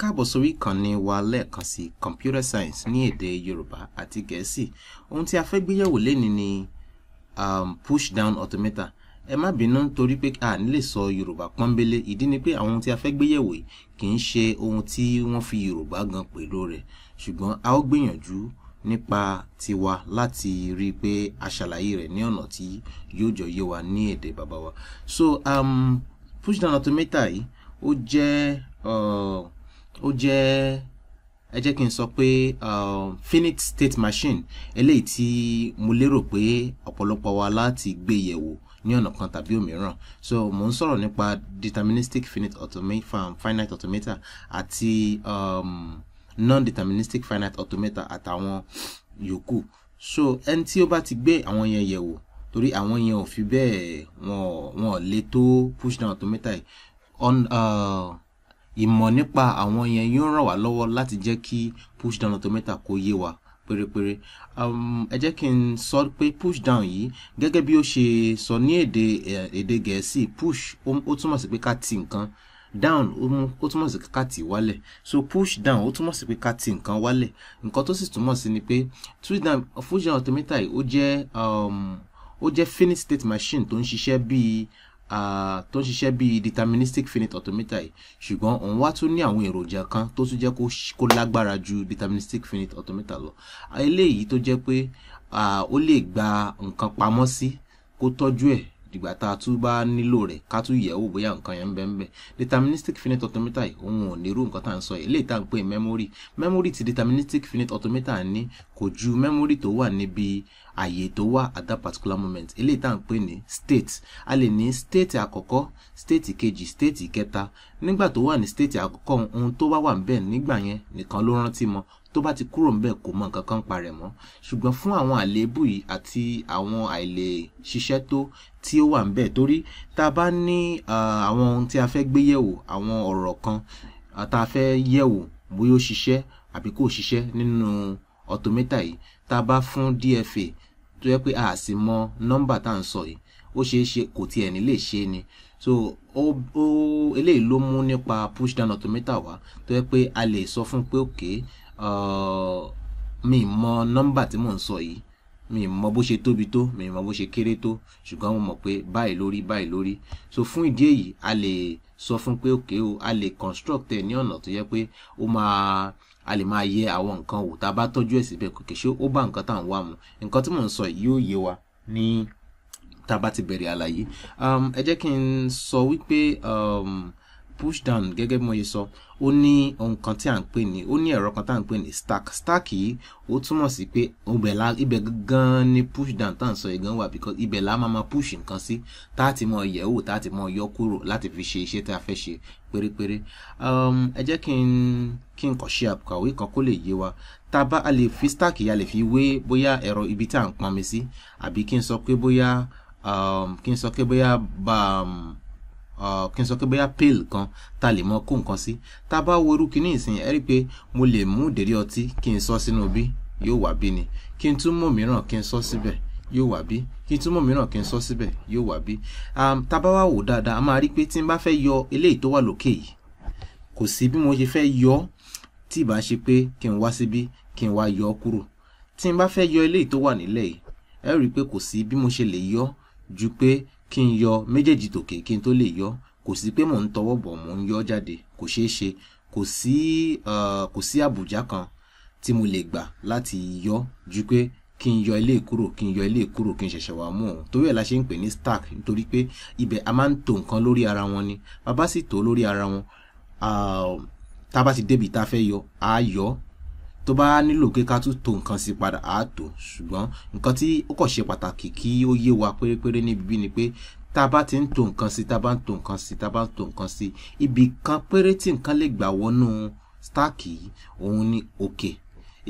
káàbọ̀ sórí ìkànnì wa lẹ́ẹ̀kan sí computer science ní èdè Yorùbá àti Gẹ̀ẹ́sì ohun tí a fẹ́ gbéyẹ̀wò lénìí ni um, push down automator ẹ má bínú torí pé a nílè sọ Yorùbá pọ́nbélé ìdí ni pé àwọn ohun tí a fẹ́ gbéyẹ̀wò yìí kì í ṣe ohun tí wọ́n fi Yorùbá gan pẹ̀lú rẹ̀ ṣùgbọ́n a ó gbìyànjú nípa tiwa láti rí i pé a ṣàlàyé rẹ̀ ní ọ̀nà tí yóò jọ yé wa ní èdè bàbá wa so um, push down automator yìí ó jẹ́ uh, ó jẹ́ ẹ jẹ́ kí n sọ pé um, finite state machine eléyìí tí mo lérò pé ọ̀pọ̀lọpọ̀ wa láti gbé yẹ̀wò ní ọ̀nà kan tàbí òmíràn so mo ń sọ̀rọ̀ nípa deterministic finite automata um, finite automata àti um, non-deterministic finite automata àtàwọn yòókù so ẹni tí ó bá ti gbé àwọn yẹn yẹ̀wò torí àwọn yẹn ò fi bẹ́ẹ̀ wọn ò le tó push down automata yìí on. Uh, ìmọ̀ nípa àwọn yẹn yóò ràn wá lọ́wọ́ láti jẹ́ kí push down automata kó yé wa pérépéré um, ẹ jẹ́ kí n sọ pé push down yìí gẹ́gẹ́ bí ó ṣe sọ ní èdè eh, èdè gẹ̀ẹ́sì push ó túmọ̀ sí pé ká ti nǹkan down ó túmọ̀ sí ká tì wálẹ̀ so push down ó túmọ̀ sí pé ká tì nǹkan wálẹ̀ nǹkan tó sì túmọ̀ sí ni pé push down push down automata yìí ó jẹ́ um, ó jẹ́ finite state machine tó ń ṣiṣẹ́ bíi tó ń ṣiṣẹ́ bíi deterministic finite automator yìí ṣùgbọ́n òun wá tún ní àwọn èròjà kan tó tún jẹ́ kó lágbára ju deterministic finite automator lọ eléyìí tó jẹ́ pé ó lè gba nǹkan pamọ́ sí kó tọ́jú ẹ̀ dìgbà tá a tún bá nílò rẹ̀ ká tún yẹ̀ wò bóyá nǹkan yẹn ń bẹ ń bẹ deterministic finite automata yìí òun ò ní irú nǹkan tá à ń sọ yìí eléyìí tá à ń pè memory memory ti deterministic finite automata ní kò ju memory tó wà níbi àyè tó wà at that particular moment eléyìí tá à ń pè ní state a lè ní state àkọ́kọ́ state kejì state kẹta nígbà tó wà ní state àkọ́kọ́ ohun tó bá wà ń bẹ nígbà yẹn nìkan ló rántí mọ́ tó bá ti kúrò ńbẹ̀ kò mọ nǹkan kan parẹ̀ mọ́ ṣùgbọ́n fún àwọn àléébù yìí àti àwọn àìlè ṣiṣẹ́ tó tí ó wà ńbẹ̀ torí tá a bá ní àwọn ohun tí a fẹ́ gbé yẹ̀wò àwọn ọ̀rọ̀ kan tá a fẹ́ yẹ̀wò bóyá ó ṣiṣẹ́ àbí kò ṣiṣẹ́ nínú ọ̀tọ̀mẹ́tà yìí tá a bá fún DFA tó yẹ pé a sì mọ nọ́mbà tá à ń sọ yìí ó ṣeé ṣe kò tiẹ̀ ní lè ṣe ni so ó ó eléyìí ló mú nípa push down automata wá tó yẹ pé a lè sọ fún pé òkè okay, mi mọ nọ́mbà tí mò ń sọ yìí mi mọ bó ṣe tóbi tó mi mọ bó ṣe kéré tó ṣùgbọ́n mo mọ̀ pé báyìí lórí báyìí lórí so fún ìdí èyí a lè sọ fún pé òkè o a lè construct ẹ ní ọ̀nà tó yẹ pé ó máa a lè máa yẹ àwọn nǹkan wò tá a bá tọ́jú ẹ̀ síbẹ̀ kò kì í ṣe ó bá nǹkan tá à ń wá mu nǹkan tí mò ń sọ yìí yóò yé wa ní tá a bá ti bẹ̀rẹ̀ àlàyé um, ẹ jẹ́ kí n sọ wípé. Um, push down gẹ́gẹ́ bí mo ṣe sọ ó ní ohun kan tí à ń pè ní ó ní ẹ̀rọ kan tá à ń pè ní stack stack yìí ó túmọ̀ sí pé ibẹ̀ la ibẹ̀ gan-an ni push down tá à ń sọ yìí gan wà because ibẹ̀ la máa ma push nǹkan sí tá a ti mọ yẹ̀wò tá a ti mọ yọ kúrò láti fi ṣe iṣẹ́ tá a fẹ́ ṣe pérépéré um, ẹ jẹ́ kí n kí n kàn ṣe àkàwé kan kó lè yé wa tá a bá a lè fi stack yìí a lè fi wé bóyá ẹ̀rọ ibi tá à ń pọnmi sí àbí kí n sọ pé bóyá um, kí n sọ pé bóyá bá a. Um, Ah, kí n sọ pé bóyá pail kan ta lè mọ kó nǹkan sí tá a bá wo irú kíní ìsìn ẹ rí pé mo lè mú ìdérí ọtí kí n sọ sínú bí yóò wá bí ni kí n tún mú mìíràn kí n sọ síbẹ̀ yóò wá bí kí n tún mú mìíràn kí n sọ síbẹ̀ yóò wá bí tá bá wá wò dáadáa a máa rí pé tí n bá fẹ́ yọ eléyìí tó wà lókè yìí kò sí bí mo ṣe fẹ́ yọ ọ́ tí ìbá ṣe pé kí n wá síbí kí n wá yọ ọ́ kúrò tí n bá fẹ́ yọ eléyìí tó wà nílẹ̀ yìí ẹ rí i pé kò sí bí mo ṣe lè yọ ju pé kí n yọ méjèèjì tòkè kí n tó lè yọ kò sí pé mò ń tọwọ́ bọ̀ mò ń yọ jáde kò ṣeé ṣe kò sí kò sí àbùjá kan tí mo lè gbà láti yọ ju pé kí n yọ ilé kúrò kí n yọ ilé kúrò kí n ṣẹ̀ṣẹ̀ wá mú òun torí ẹ̀ la ṣe ń pè ní stack nítorí pé ibẹ̀ a máa ń tò nǹkan lórí ara wọn ni bàbá sì tò lórí ara wọn tá a bá ti débi tá a fẹ́ yọ á yọ tó bá nílò pé ká tún to nǹkan sí padà á tó ṣùgbọ́n nǹkan tí ó kàn ṣe pàtàkì kí ó yé wa pérépéré níbi bí ni pé tá a bá ti ń to nǹkan sí tá a bá ń to nǹkan sí tá a bá ń to nǹkan sí ibì kan péré tí nǹkan lè gbà wọnú stáàkì yìí òun ni òkè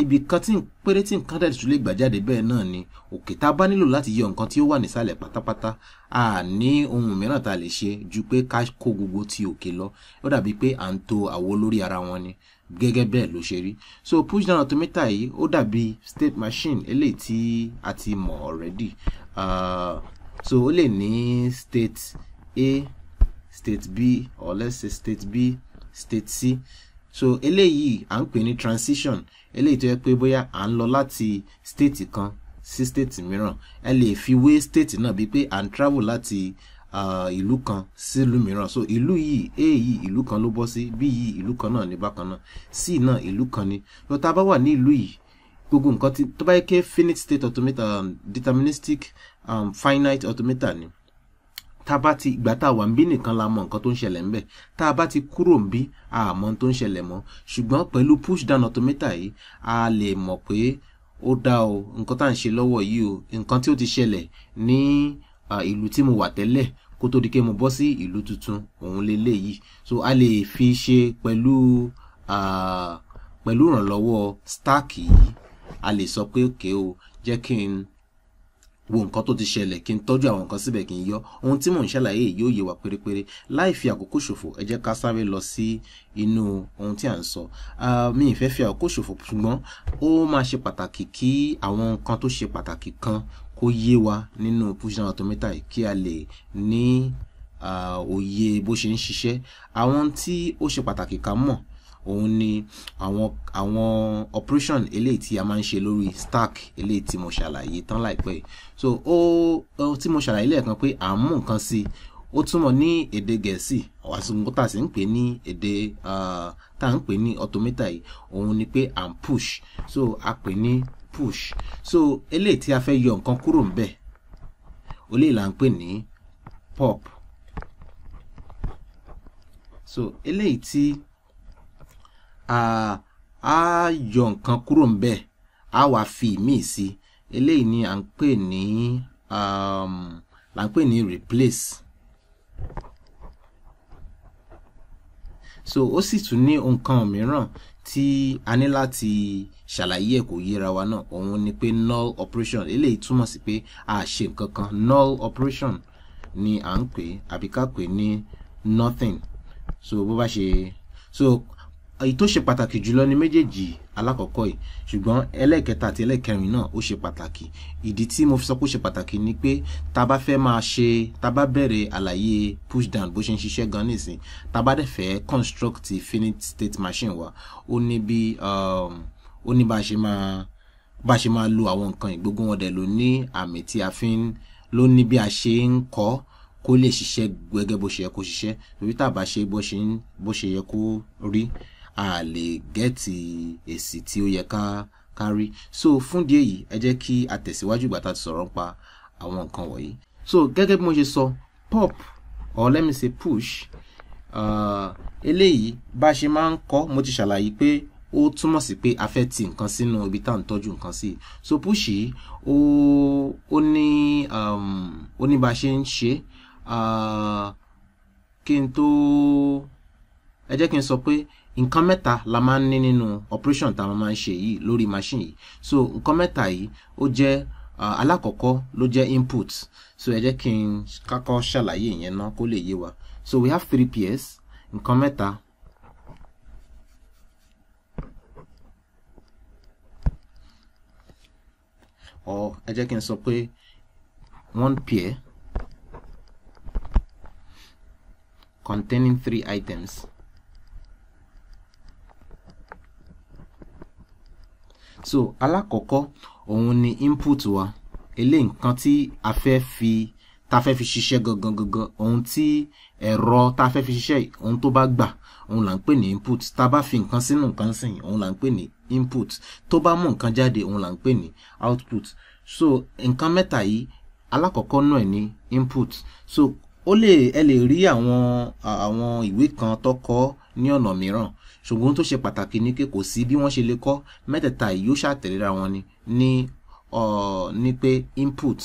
ibì kan tí péré tí nǹkan dẹ̀ tún lè gbà jáde bẹ́ẹ̀ náà ni òkè tá a bá nílò láti yọ nǹkan tí ó wà nísàlẹ̀ pátápátá a ní ohun mìíràn tá a lè ṣe ju pé ká kó gbogbo ti òkè lọ ó dàbí pé à ń to àwo lórí ara wọn ni gẹ́gẹ́ bẹ́ẹ̀ ló ṣe rí so push down automator yìí ó dàbí state machine eléyìí tí a ti mọ̀ already uh, so ó lè ní state a state b or let's say state b state c so eléyìí à ń pè ní transition eléyìí tó yẹ pé bóyá à ń lọ láti state kan sí state mìíràn ẹ lè fi wé state náà bíi pé à ń travel láti ìlú kan sílùú mìíràn so ìlú yìí a yìí ìlú kan ló bọ́ sí b yìí ìlú kan náà ní bákan náà c náà ìlú kan ni tó tá a bá wà ní ìlú yìí gbogbo nǹkan tí tó bá yẹ kí finite state automator um, deterministic um, finite automator ni tá a bá ti ìgbà tá a wà ń bí nìkan la mọ nǹkan tó ń ṣẹlẹ̀ ń bẹ̀ tá a bá ti kúrò ń bí a mọ tó ń ṣẹlẹ̀ mọ́ ṣùgbọ́n pẹ̀lú push down automator yìí a lè mọ̀ pé ó dá o nǹkan tá à ń ṣe lọ́wọ́ yìí o nǹkan tí ó ti ṣẹlẹ̀ ní ìlú tí mo wà tẹ́lẹ̀ kó tó di pé mo bọ́ sí ìlú tuntun òun leléyìí so a lè fi ṣe pẹ̀lú uh, pẹ̀lú ìrànlọ́wọ́ stack yìí a lè sọ pé òkè o jẹ́ kí n wo nǹkan tó ti ṣẹlẹ̀ kí n tọ́jú àwọn nǹkan síbẹ̀ kí n yọ ohun tí mò ń ṣàlàyé yóò yé wa pérépéré láì fi àkókò ṣòfò ẹ jẹ́ ká sáré lọ sí inú ohun tí à ń sọ mi ì fẹ́ fi àkókò ṣòfò ṣùgbọ́n ó máa ṣe pàtàkì kí àwọn nǹkan tó ṣe pàtàkì kan kó yé wa nínú push down automata yìí kí a lè ní òye bó ṣe ń ṣiṣẹ́ àwọn tí ó ṣe pàtàkì ká mọ̀ òun ni àwọn àwọn operation eléyìí tí a máa ń ṣe lórí stack eléyìí tí mo ṣàlàyé tán láìpẹ́ so ó ohun tí mo ṣàlàyé lẹ́ẹ̀kan pé à ń mú nǹkan sí ó túmọ̀ ní èdè gẹ̀ẹ́sì àsìkò tá a sì ń pè ní èdè tá a ń pè ní automata yìí òun ni pé à ń push so a pè ní push so eléyìí tí a fẹ́ yọ nǹkan kúrò ń bẹ̀ olè là ń pè ní pop so eléyìí tí a yọ nǹkan kúrò ń bẹ̀ a wá fi míì sí eléyìí ni à ń pè ní um, là ń pè ní replace. so ó sì tún ní nǹkan mìíràn tí a ní láti ṣàlàyé ẹ̀ kò yéra wa náà òun ni pé null operation eléyìí túmọ̀ sí pé a ṣe nǹkan kan null operation ni à ń pè àbí ká pè ní nothing so bó bá ṣe so èyí tó ṣe pàtàkì jùlọ ni méjèèjì alákọ̀ọ́kọ́ yìí ṣùgbọ́n ẹlẹ́ẹ̀kẹta àti ẹlẹ́ẹ̀kẹrin náà ó ṣe pàtàkì ìdí tí mo fi sọ pé ó ṣe pàtàkì ni pé tá a bá fẹ́ máa ṣe tá a bá bẹ̀rẹ̀ àlàyé push down bó ṣe ń ṣiṣẹ́ gan nísìn tá a bá dẹ̀ fẹ́ construct finite state machine wa ó ní bí um, ó ní bá a ṣe máa bá a ṣe máa lo àwọn nǹkan ìgbógun wọn dẹ̀ ló ní àmì tí a fi ń ló ní bí a ṣe ń kọ́ kó lè ṣiṣẹ́ gẹ́gẹ́ bó ṣe yẹ kó ṣiṣẹ́ torí tá ṣe bó ṣe yẹ kó rí a lè gẹ́ẹ̀tì èsì tí ó yẹ ká kárí so fún díẹ̀ yìí ẹ jẹ́ kí a tẹ̀síwájú ìgbà tá a ti sọ̀rọ̀ nípa àwọn nǹkan wọ̀nyí so gẹ́gẹ́ bí mo ṣe sọ pop or let me say push uh, eléyìí bá ṣe máa ń kọ mo ti ṣàlàyé pé ó túmọ̀ sí pé a fẹ́ ti nǹkan sínú ibi tá à ń tọ́jú nǹkan sí so push yìí ó ní um, ó ní bá a ṣe ń ṣe uh, kí n tó jẹ́ kí n sọ pé nǹkan mẹ́ta la máa ń ní nínú operation tá a máa ń ṣe yìí lórí machine yìí so nǹkan mẹ́ta yìí ó jẹ́ alákọ̀ọ́kọ́ ló jẹ́ input so ẹ jẹ́ kí n kọ́kọ́ ṣàlàyé ìyẹn náà kó lè yé wa so we have three pairs nǹkan mẹ́ta or ẹ jẹ́ kí n sọ pé one pair containing three items. so alákọ̀ọ́kọ́ òun ni input wa eléyìí nǹkan tí a fẹ́ fi ta fẹ́ fi ṣiṣẹ́ gangan gangan ohun tí ẹ̀rọ ta fẹ́ fi ṣiṣẹ́ ohun tó bá gbà òun là ń pè ní input ta bá fi nǹkan sínú nǹkan sìn òun là ń pè ní input tó bá mú nǹkan jáde òun là ń pè ní output so nǹkan mẹ́ta yìí alákọ̀ọ́kọ́ náà ní input so ó lè ẹ lè rí àwọn àwọn ìwé kan tó kọ ní ọ̀nà mìíràn ṣùgbọ́n tó ṣe pàtàkì ni pé kò sí bí wọ́n ṣe lè kọ́ mẹ́tẹ̀ẹ̀ta yìí yóò ṣàtẹ̀léra wọn ni ní ní pé input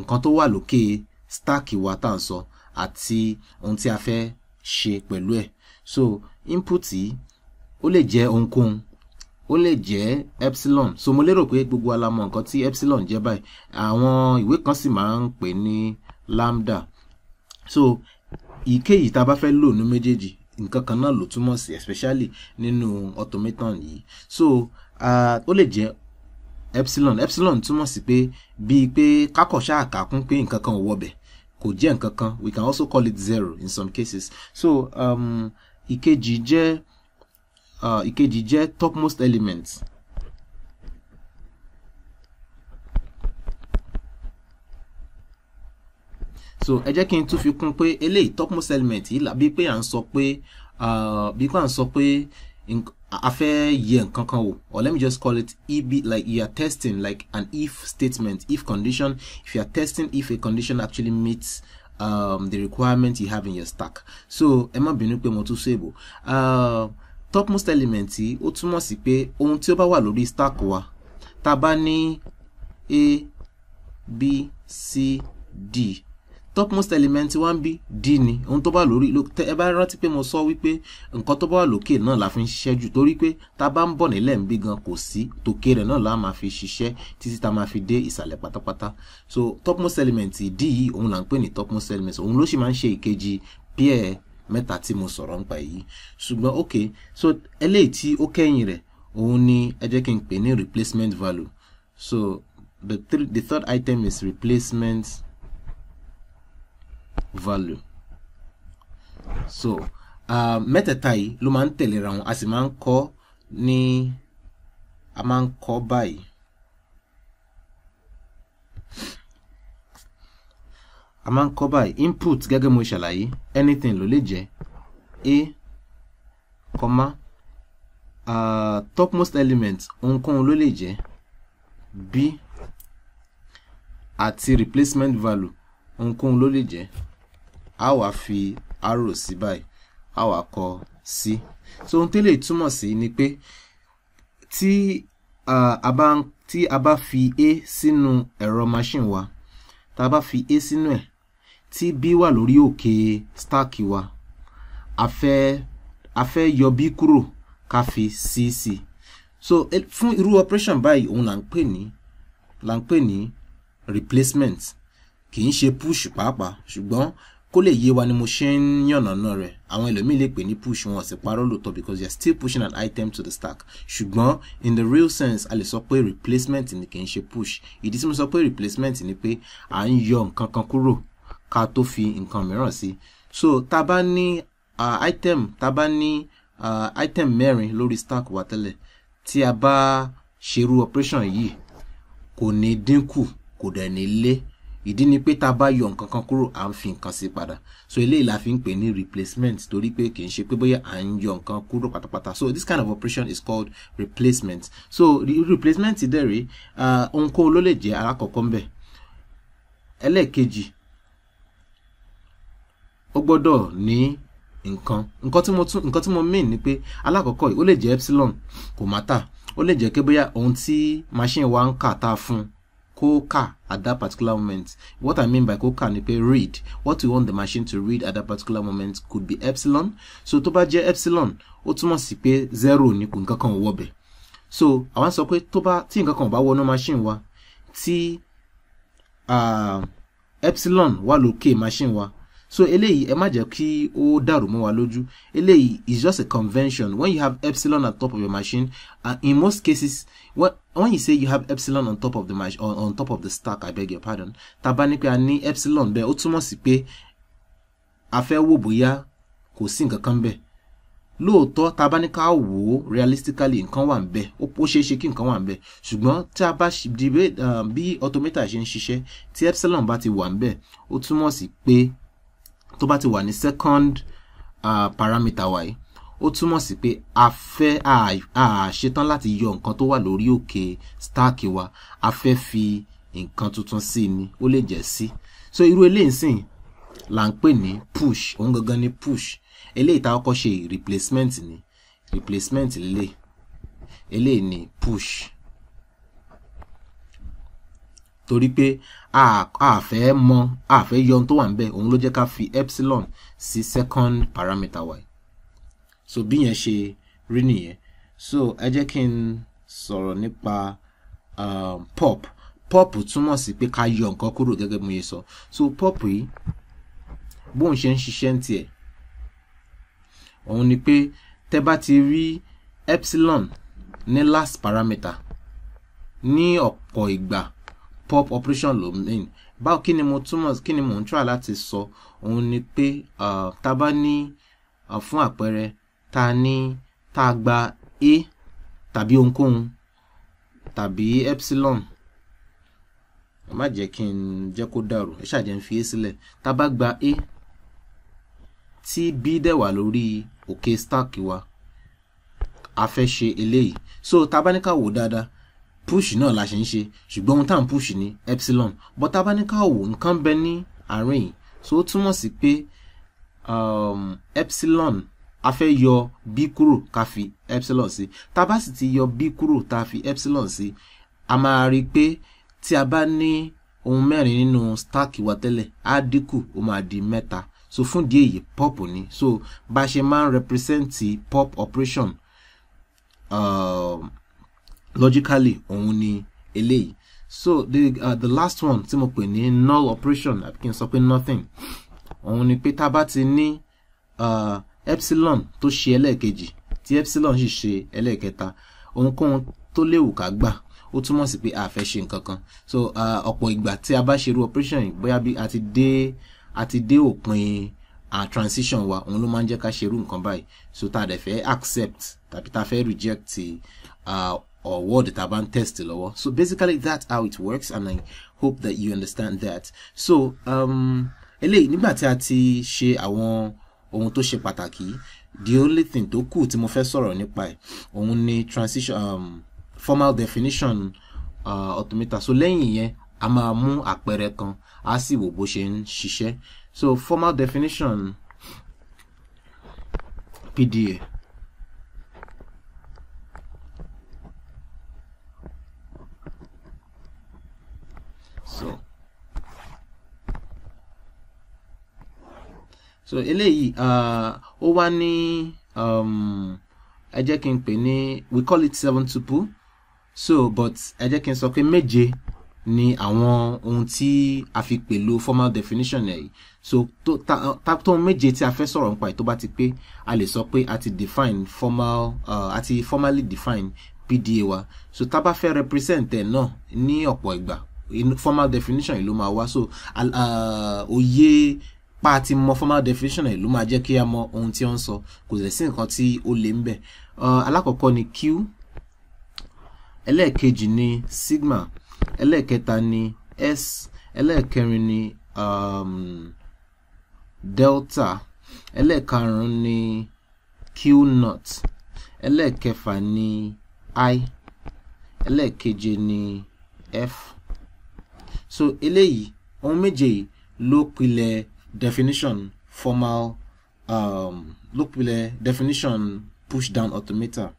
nǹkan tó wà lókè stack wa tá à ń sọ àti ohun tí a fẹ́ ṣe pẹ̀lú ẹ̀ so input yìí ó lè jẹ́ ohunkóhun ó lè jẹ́ epsilon so mo lérò pé gbogbo wa la mọ̀ nǹkan tí epsilon jẹ́ báyìí àwọn ìwé kan sì máa ń pè ní lambda so èyíkéyìí tá a bá fẹ́ lò ní méjèèjì nǹkan kan náà ló túmọ̀ sí especially nínú automaton yìí so uh, ó lè jẹ́ epsilon epsilon túmọ̀ sí pé bíi pé kákọ̀ ṣáà kàkún pé nǹkan kan ò wọbẹ̀ kò jẹ́ nǹkan kan we can also call it zero in some cases so um, ìkejì jẹ́ uh, ìkejì jẹ́ topmost element so ẹ jẹ́ kí n tún fi kún pé eléyìí topmost element yìí làbí pé à ń sọ pé bí pé à ń sọ pé a fẹ́ yẹ̀ nǹkan kan wò or let me just call it eb like you are testing like an if statement if condition if you are testing if a condition actually meets um, the requirement you have in your stack so ẹ má bínú pé mo tún ṣèbò topmost element yìí ó túmọ̀ sí pé ohun tí ó bá wà lórí stack wa tá bá ní a b c d topmost element wa ń bí d ni ohun tó bá lórí tẹ ẹ bá rántí pé mo sọ wípé nǹkan tó bá wà lókè náà la fi ń ṣiṣẹ́ jù torí pé tá a bá ń bọ̀ nílẹ̀ ń bí gan kò sí tòkè rẹ̀ náà la máa fi ṣiṣẹ́ títí tá a máa fi dé ìsàlẹ̀ pátápátá so topmost element d yìí òun là ń pè ní topmost element òun ló sì máa ń ṣe ìkejì pair mẹ́ta tí mo sọ̀rọ̀ nípa èyí ṣùgbọ́n ok so eléyìí tí ó kẹ́yìn rẹ̀ òun ni ẹ jẹ́ kí n pè ní replacement value so the, three, the third item is replacement value value so uh, mẹ́tẹ̀ẹ̀ta yìí ló máa ń tẹ̀léra wọn a sì máa ń kọ́ ní a máa ń kọ́ báyìí. a máa ń kọ́ báyìí input gẹ́gẹ́ mo ṣàlàyé anything ló lè jẹ́ a comma uh, topmost element ohunkóhun ló lè jẹ́ b àti replacement value ohunkóhun ló lè jẹ́ a wá fi arrow sí báyìí a wá kọ sí so ohun tẹ́lẹ̀ túmọ̀ sí ni pé tí a bá tí a bá fi a sínú ẹ̀rọ machine wa tá a bá fi a sínú ẹ̀ tí b wà lórí òkè stack wa a fẹ́ a fẹ́ yọ b kúrò ká fi c sí so fún irú operation báyìí òun là ń pè ní là ń pè ní replacement kì í ṣe push pàápàá ṣùgbọ́n kó lè yé wa ni mo ṣe ń yànnàná rẹ̀ àwọn ẹlòmíì lè pè ní push wọn sì parọ́ lòótọ́ because they are still pushing an item to the stack ṣùgbọ́n in the real sense a lè sọ pé replacement ni kì í ṣe push ìdí tí mo sọ pé replacement ni pé à ń yọ nǹkan kan kúrò ká tó fi nǹkan mìíràn sí so tá a bá ní item tá a bá ní item mẹ́rin lórí stack wa tẹ́lẹ̀ tí a bá ṣerú operation yìí kò ní dínkù kò dẹ̀ ní lé ìdí ni pé tá a bá yọ nǹkan kan kúrò à ń fi nǹkan sí padà so eléyìí la fi ń pè ní replacement torí pé kì í ṣe pé bóyá à ń yọ nǹkan kúrò pátápátá so this kind of operation is called replacement so replacement dẹ̀ rèé ohunkóhun ló lè jẹ́ alákọ̀ọ́kọ́ ń bẹ̀ ẹlẹ́ẹ̀kejì ó gbọ́dọ̀ ní nǹkan nǹkan tí mo tún nǹkan tí mo mean ni pé alákọ̀ọ́kọ́ ó lè jẹ́ epsilon kò má tà ó lè jẹ́ pé bóyá ohun tí machine wa ń kà tá a fún un kókà at that particular moment what i mean by kókà ni pé read what you want the machine to read at that particular moment could be epsilon so tó bá jẹ́ epsilon ó túmọ̀ sí pé zero ni kò nǹkan kan ò so àwọn sọ pé tó bá tí nǹkan kan ò bá wọnú machine wa tí uh, epsilon wà lókè machine wa so eléyìí ẹ má jẹ́ kí ó dàrú mọ́ wa lójú eléyìí is just a convention when you have epsilon on top of your machine and in most cases when, when you say you have epsilon on top of the machine on, on top of the stack i beg your pardon tá bá ní pé a ní epsilon bẹ́ẹ̀ ó túmọ̀ sí pé a fẹ́ wo bóyá kò sí nǹkan kan bẹ́ẹ̀ lóòótọ́ tá a ká wò ó realistically nǹkan wà ń bẹ ó ṣeé ṣe kí nǹkan wà ń bẹ ṣùgbọ́n tí a bá di um, bí automator ṣe ń ṣiṣẹ́ tí epsilon bá ti wà ń ó túmọ̀ sí pé tó bá ti wà ní second uh, parameter wa yìí ó túmọ̀ sí pé a fẹ́ a ṣetán láti yọ nǹkan tó wà lórí òkè stack wa a fẹ́ fi nǹkan tuntun sí ni ó lè jẹ́ sí so irú eléyìí sìn là ń pè ní push òun gangan ni push eléyìí tá a kọ́kọ́ ṣe replacement ni replacement lè eléyìí ni push torí pé a fẹ́ mọ a fẹ́ yọ ohun tó wà níbẹ̀ òun ló jẹ́ ká fi epsilon sí second parameter y so bí yẹn ṣe rí nìyẹn so ẹ jẹ́ kí n sọ̀rọ̀ nípa um, pop pop túmọ̀ sí pé ká yọ nǹkan kúrò gẹ́gẹ́ bí mo yẹ sọ so pop yìí bóun ṣe ń ṣiṣẹ́ ń tiẹ̀ òun ni pé tẹ́ bá ti rí epsilon ní last parameter ní ọ̀pọ̀ ìgbà pop operation ló mean báwo kí ni mo túmọ̀ kí ni mò ń try láti sọ òun ni pé uh, bá ní fún àpẹẹrẹ tá ní tá gba a tàbí ohunkóhun tàbí epsilon ẹ má jẹ́ kí n jẹ́ kó dàrú ẹ ṣáà jẹ́ n fi a sílẹ̀ tá bá gba a tí b dẹ̀ wà lórí òkè stack wa a fẹ́ ṣe eléyìí so tá a bá ní ká wò dáadáa push náà la ṣe ń ṣe ṣùgbọ́n ohun tá à ń push ní epsilon but tá a bá ní ká wò nǹkan bẹ ní àárín yìí so ó túmọ̀ sí pé um, epsilon a fẹ́ yọ b kúrò ká fi epsilon sí tá a bá sì ti yọ b kúrò tá a fi epsilon sí a máa rí i pé tí a bá ní ohun mẹ́rin nínú stack wa tẹ́lẹ̀ á dínkù ó máa di mẹ́ta so fún ìdí èyí pop ni so bá a ṣe máa ń represent pop operation. Um, logically òun ni eléyìí so the uh, the last one tí mo pè ní null operation àbí kí n sọ pé nothing òun ni pé tá a bá ti ní uh, epsilon tó ṣe ẹlẹ́ẹ̀kejì tí epsilon sì ṣe ẹlẹ́ẹ̀kẹta ohunkóhun tó léwu ká gbà ó túmọ̀ sí pé a fẹ́ ṣe nǹkan kan so uh, ọ̀pọ̀ ìgbà tí a bá ṣe irú operation yìí bóyá bí a ti dé a ti dé òpin uh, transition wa òun ló máa ń jẹ́ ká ṣe irú nǹkan báyìí so tá a dẹ̀ fẹ́ accept tàbí tá a fẹ́ reject uh, or what data band test lower. So basically that's how it works and I hope that you understand that. So um eléyìí nígbà tí a ti ṣe àwọn ohun tó ṣe pàtàkì the only thing to kù tí mo fẹ́ sọ̀rọ̀ nípa ẹ̀ òun ni transition um, formal definition uh, automata. so lẹ́yìn yẹn a máa mú àpẹẹrẹ kan a sì wò bó ṣe ń ṣiṣẹ́ so formal definition PDA so eléyìí uh, ó wá ní um, ẹ jẹ́ kí n pè ní we call it seven tuple so but ẹ jẹ́ kí n sọ pé méje ni àwọn ohun tí a fi pẹ̀lú formal definition ẹ̀ so tó ta tó méje tí a fẹ́ sọ̀rọ̀ nípa ẹ̀ tó bá ti pé a lè sọ pé a ti define formal uh, a ti formally define PDA wa so tá a bá fẹ́ represent ẹ̀ náà ní ọ̀pọ̀ ìgbà formal definition yìí ló máa wá so uh, òye. Uh, pa ti mọ formal definition ẹ̀ ló máa jẹ́ kí a mọ ohun tí ó ń sọ kò sì nǹkan tí ó lè ń bẹ̀ alákọ̀ọ́kọ́ ni q ẹlẹ́ẹ̀kejì ni sigma ẹlẹ́ẹ̀kẹta ni s ẹlẹ́ẹ̀kẹrin ni um, delta ẹlẹ́ẹ̀karùn ni q not, ẹlẹ́ẹ̀kẹfà ni i ẹlẹ́ẹ̀keje ni f so eléyìí ohun méje yìí ló pilẹ̀ definition formal um, lópìlẹ̀ definition push down automata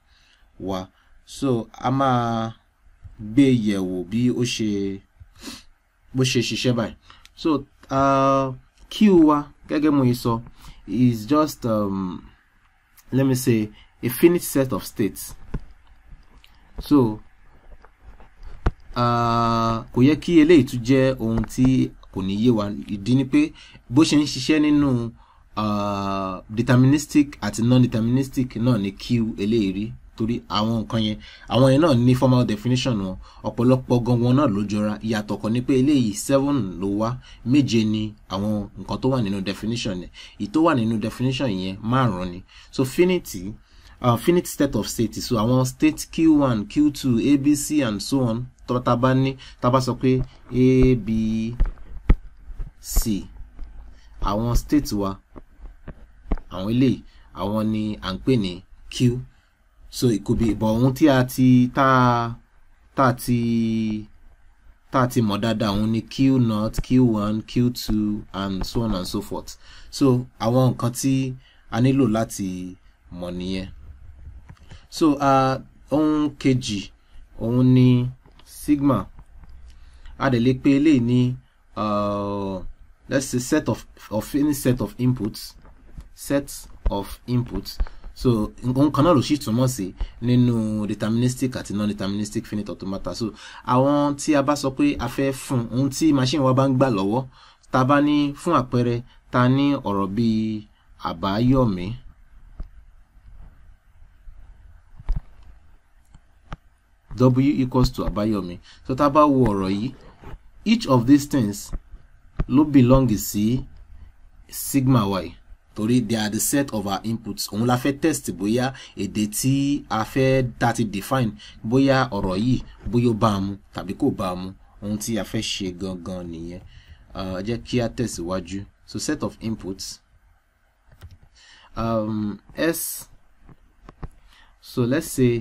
wa so a máa gbé yẹ̀wò bí ó ṣe bó ṣe ṣiṣẹ́ báyìí so uh, queue wa gẹ́gẹ́ mo sọ is just um, let me say a finite set of states so kò yẹ kí eléyìí tún jẹ́ ohun tí kò ní yé wa ìdí ni pé bó ṣe ń ṣiṣẹ́ nínú uh, deterministic àti non-deterministic náà ni q eléyìí rí torí àwọn nǹkan yẹn àwọn yẹn náà ní formal definition wọn ọ̀pọ̀lọpọ̀ gangan náà ló jọra ìyàtọ̀ kan ní pé eléyìí seven ló wá méje ni àwọn nǹkan tó wà nínú definition yẹn èyí tó wà nínú definition yẹn márùn ni so finity uh, finite state of state so àwọn state q one, q2 abc and so on tọ́ba tá a bá ní tá a bá sọ pé a b sí àwọn state wa àwọn eléyìí àwọn ni à ń pè ní q so it could be but ohun tí a ti tá a tá a ti tá a ti mọ̀ dáadáa òun ni q naught q one q two and so on and so forth so àwọn nǹkan tí a nílò láti mọ̀ nìyẹn so ohun uh, kejì òun ni sigma a dẹ̀ lè pe eléyìí ní. Uh, let's say set of of any set of inputs set of inputs so òun kan náà ló sì túmọ̀ sí nínú deterministic àti non-deterministic finite automata so àwọn ti a bá sọ pé a fẹ́ fún ohun tí machine wa bá ń gbà lọ́wọ́ ta bá ní fún àpẹẹrẹ ta ní ọ̀rọ̀ bíi àbáyọ̀mí w equals to àbáyọ̀mí so ta bá wo ọ̀rọ̀ yìí each of these things ló belong sí sigma y torí they are the set of our inputs òun la fẹ́ test bóyá èdè tí a fẹ́ tá a ti define bóyá ọ̀rọ̀ yìí bóyá ó bá a mu tàbí kò bá a mu ohun tí a fẹ́ ṣe gangan nìyẹn jẹ́ kí a tẹ̀síwájú so set of inputs um, s so let's say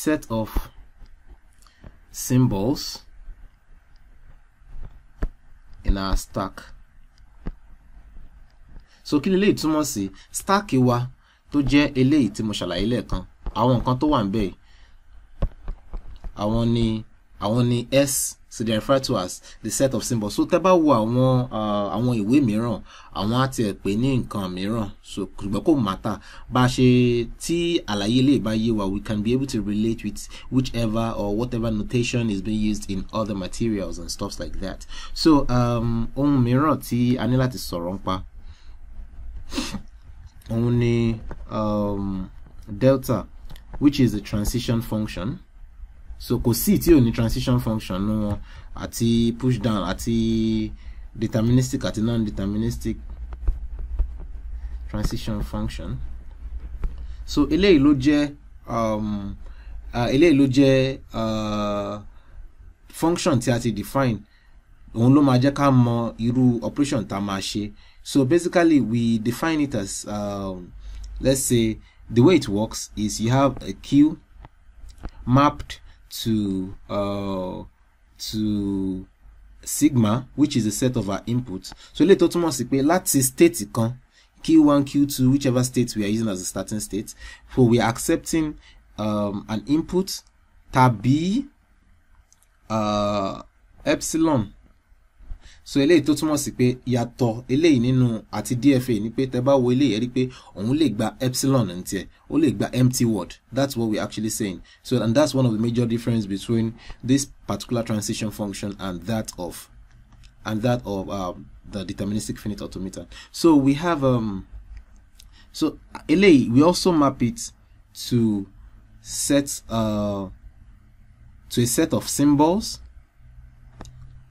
set of symbols in our stack so kí leléyìí túmọ̀ sí stack wa tó jẹ́ eléyìí tí mo ṣàlàyé lẹ́ẹ̀kan àwọn nǹkan tó wà ń bẹ̀ àwọn ni àwọn ni s so they refer to as the set of symbols so teba wo àwọn uh, àwọn ìwé mìíràn àwọn á tiẹ̀ pè ní nǹkan mìíràn so ṣùgbọ́n kò mata bá ati ṣe so àlàyé ba se bá yé wa we can be able to relate with whichever or whatever notation is being used in other materials and stuff like that so um, ohun mìíràn tí a ní láti sọ̀rọ̀ ni um, delta which is the transition function. so kò sí tí ò transition function nínú wọn àti push down àti deterministic àti non-deterministic transition function so eléyìí ló jẹ́ um, uh, eléyìí ló jẹ́ uh, function tí a ti define òun ló máa jẹ́ ká mọ irú operation tá a máa ṣe so basically we define it as um, let's say the way it works is you have a queue mapped to uh, to sigma which is a set of our inputs so eléyìí tó túmọ̀ sí pé láti state kan q1 q2 whichever state we are using as a starting state so we are accepting um, an input tàbí uh, epsilon so eléyìí tó túmọ̀ sí pé yàtọ̀ eléyìí nínú àti DFA ni pé tẹ́ bá wo eléyìí rí pé òun lè gba epsilon ní tiẹ̀ lè gba empty word that's what we're actually saying so and that's one of the major difference between this particular transition function and that of and that of um, the deterministic finite automaton so we have um so eléyìí we also map it to set uh to a set of symbols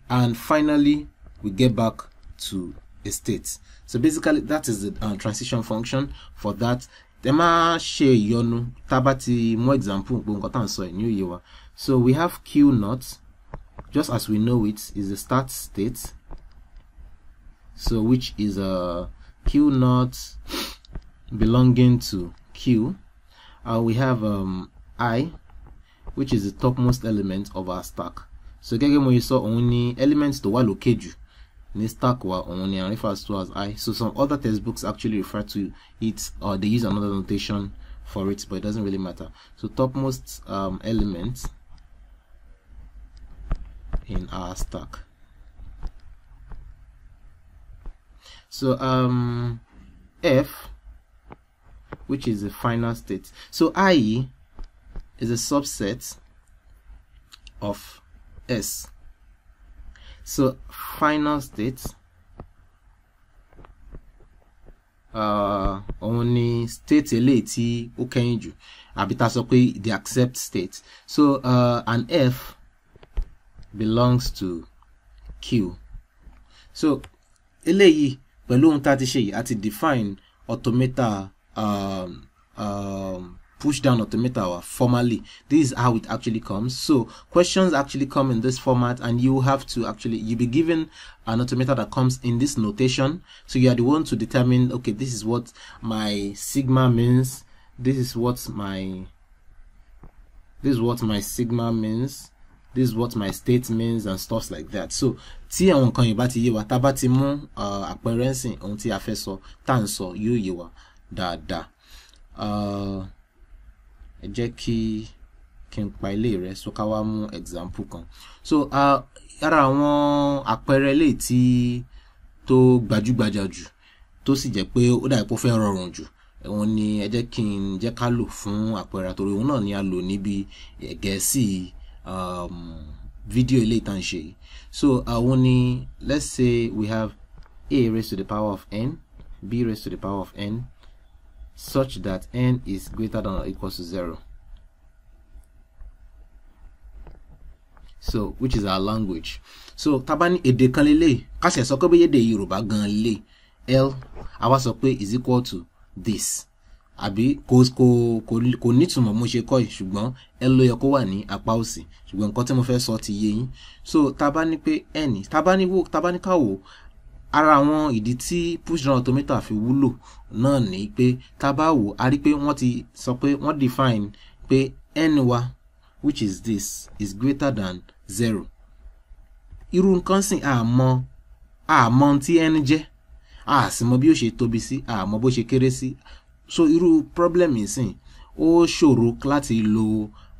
and finally we get back to a state. So basically that is the uh, transition function for that. Tẹ máa yonu. Tabati mo example ń sọ ẹ̀ So we have Q naught just as we know it is the start state. So which is a uh, Q naught belonging to Q. Uh, we have um, I which is the topmost element of our stack. So gẹ́gẹ́ mo yẹ sọ òun elements tó wà locate you. Nistakwa Omonian refers to as I. So some other textbooks actually refer to it or they use another notation for it, but it doesn't really matter. So topmost um, element in our stack. So um, F, which is the final state. So I is a subset of S. So final state uh, òun ni state eléyìí tí ó kẹ́yìn jù àbí ta sọ pé the accept state so uh, an f belongs to q so eléyìí pẹ̀lú ohun tá a ti ṣe yìí a ti define automata um, um, push down automata hour formally this is how it actually comes so questions actually come in this format and you have to actually you be given an automator that comes in this notation so you are the one to determine okay this is what my sigma means this is what my this is what my sigma means this is what my state means and stuff like that so tí àwọn nǹkan yìí bá ti yé wa tá a bá ti mú àpẹẹrẹ ń sìn ohun tí a fẹ́ sọ tá à ń sọ yóò yé wa ta a ba ti mu apeere ohun ti a fe so so wa ẹ jẹ́ kí kí n pa ilé rẹ so ká wá mú example kan so uh, ara àwọn àpẹẹrẹ eléyìí tí tó gbajúgbajà jù tó sì jẹ́ pé ó dàbí pé ó fẹ́ rọrùn jù òun ni ẹ jẹ́ kí n jẹ́ ká lò fún àpẹẹrẹ àtòrí òun náà ni a lò níbi gẹ̀ẹ́sì um, fídíò eléyìí tá ṣe yìí so òun uh, ni let's say we have a raised to the power of n b raised to the power of n such that n is greater than or equal to 0. so which is our language so tabani èdè kan lélẹ̀ kasi ṣe sọ pé bóyá èdè gan lélẹ̀ l àwa sọ is equal to this Abi kò kò kò kò nítumọ̀ mo ṣe kọ́ yìí l lo yẹ kó wà ní apá òsì mo fẹ́ sọ ti yé yín so tabani pé n tabani wo tabani ká wò ara àwọn ìdí tí push down automator fi wúlò náà ni pé tá a bá wò á rí pé wọ́n ti sọ pé wọ́n define pé n wa which is this is greater than zero irú nǹkan sìn àmọ́ àmọ́ tí n jẹ́ àsìmọ́ bí ó ṣe tóbi sí àmọ́ bó ṣe kéré sí so irú problem ìsìn ó ṣòro láti lo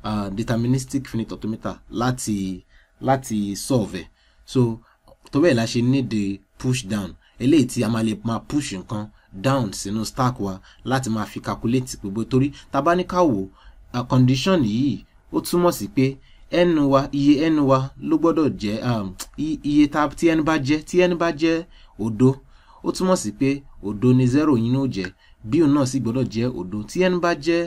uh, deterministic finite automator láti láti solve ẹ̀ so tó bẹ́ẹ̀ la ṣe nídìí push down eléyìí tí a máa lè máa push nǹkan down sínú stack wa láti máa fi calculate gbogbo e. torí tá bá ní ká wò ó condition yìí ó túmọ̀ sí pé n wa iye n wa ló gbọ́dọ̀ jẹ́ um, iye tí n bá jẹ́ tí n bá jẹ́ òdo ó túmọ̀ sí pé òdo ni zero yín ló jẹ́ bíò náà sì gbọ́dọ̀ jẹ́ òdo tí n bá jẹ́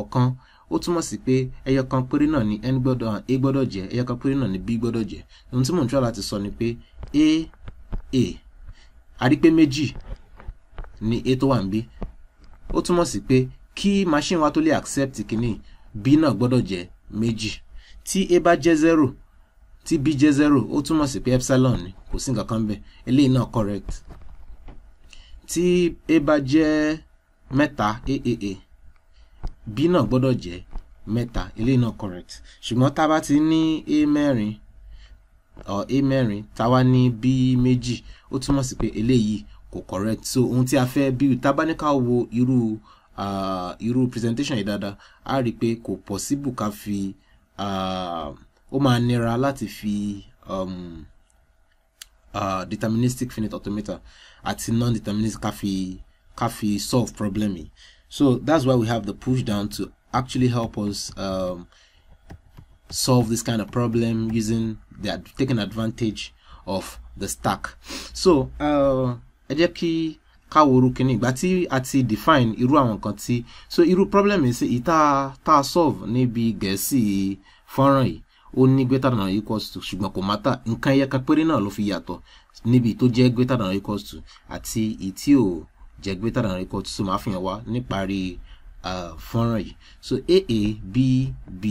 ọ̀kan ó túmọ̀ sí pé ẹyọ kan péré náà ni n gbọ́dọ̀ a gbọ́dọ̀ jẹ́ ẹyọ kan péré náà ni b gbọ́dọ̀ jẹ́ ohun tí mò ń tọ́ láti sọ ni pé a a a pé méjì ni a tó wà níbí ó túmọ̀ sí pé kí machine wa tó lè accept kínní b náà gbọ́dọ̀ jẹ́ méjì tí a bá jẹ́ zero tí b jẹ́ zero ó túmọ̀ sí pé epsilon ni kò sí nǹkan kan bẹ́ẹ̀ eléyìí náà correct tí a bá jẹ́ mẹ́ta aaa b náà gbọ́dọ̀ jẹ́ mẹ́ta eléyìí náà correct ṣùgbọ́n tá a bá ti ní a mẹ́rin or a mẹ́rin Tawani, b méjì ó túmọ̀ sí pé eléyìí kò correct so ohun tí a fẹ́ bí tábánikà wo irú uh, irú presentation idada, dáadáa a rí i pé kò possible ká fi ó uh, nira láti fi um, uh, deterministic finite automata àti non-deterministic ká fi ká fi solve problem so that's why we have the push down to actually help us um, solve this kind of problem using they that taking advantage of the stack so uh, ẹ jẹ́ kí ká woru kínní ìgbà tí a ti define irú àwọn nǹkan tí so irú problem yìí sí ìta ta solve níbi gẹ̀ẹ́sì fọ́nrán yìí ó ní greater than or equals to ṣùgbọ́n kò mátà nǹkan ẹyẹ kan péré náà ló fi yàtọ̀ níbi tó jẹ́ greater than or equals to àti ìtí ò jẹ́ greater than or equals to máa fi hàn wá níparí uh, fọ́nrán yìí so aa b b